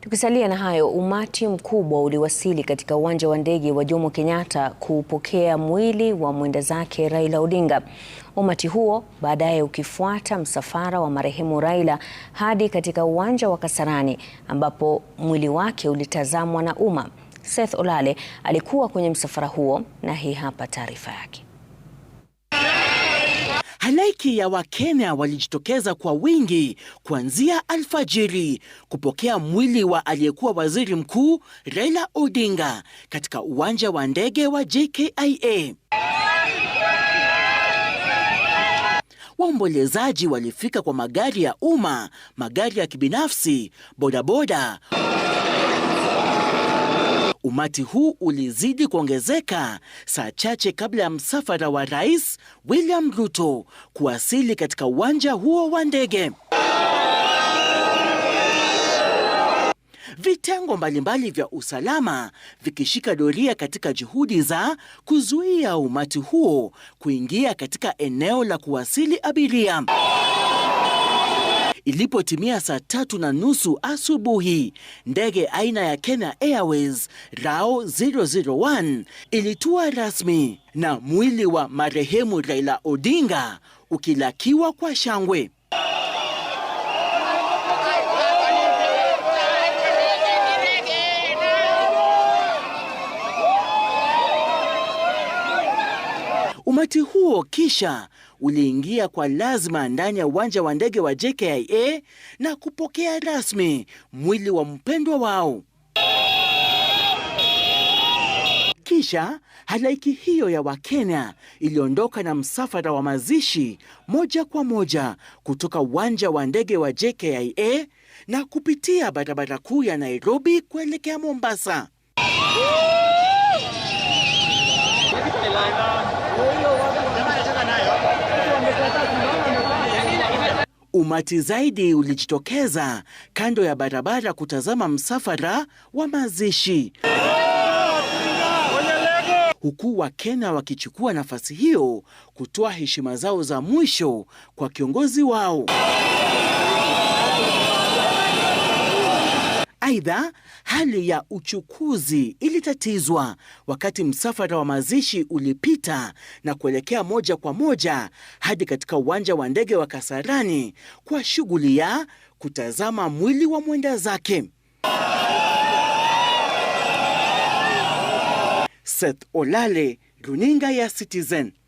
Tukisalia na hayo, umati mkubwa uliwasili katika uwanja wa ndege wa Jomo Kenyatta kuupokea mwili wa mwenda zake Raila Odinga. Umati huo baadaye ukifuata msafara wa marehemu Raila hadi katika uwanja wa Kasarani ambapo mwili wake ulitazamwa na umma. Seth Olale alikuwa kwenye msafara huo na hii hapa taarifa yake. Halaiki ya Wakenya walijitokeza kwa wingi kuanzia alfajiri kupokea mwili wa aliyekuwa waziri mkuu Raila Odinga katika uwanja wa ndege wa JKIA. Waombolezaji walifika kwa magari ya umma, magari ya kibinafsi, bodaboda Umati huu ulizidi kuongezeka saa chache kabla ya msafara wa Rais William Ruto kuwasili katika uwanja huo wa ndege. Vitengo mbalimbali vya usalama vikishika doria katika juhudi za kuzuia umati huo kuingia katika eneo la kuwasili abiria. Ilipotimia saa tatu na nusu asubuhi, ndege aina ya Kenya Airways RAO 001 ilitua rasmi na mwili wa marehemu Raila Odinga ukilakiwa kwa shangwe. Umati huo kisha uliingia kwa lazima ndani ya uwanja wa ndege wa JKIA na kupokea rasmi mwili wa mpendwa wao. Kisha halaiki hiyo ya Wakenya iliondoka na msafara wa mazishi moja kwa moja kutoka uwanja wa ndege wa JKIA na kupitia barabara kuu ya Nairobi kuelekea Mombasa. Umati zaidi ulijitokeza kando ya barabara kutazama msafara wa mazishi, huku Wakenya wakichukua nafasi hiyo kutoa heshima zao za mwisho kwa kiongozi wao. Aidha, hali ya uchukuzi ilitatizwa wakati msafara wa mazishi ulipita na kuelekea moja kwa moja hadi katika uwanja wa ndege wa Kasarani kwa shughuli ya kutazama mwili wa mwenda zake. Seth Olale, runinga ya Citizen.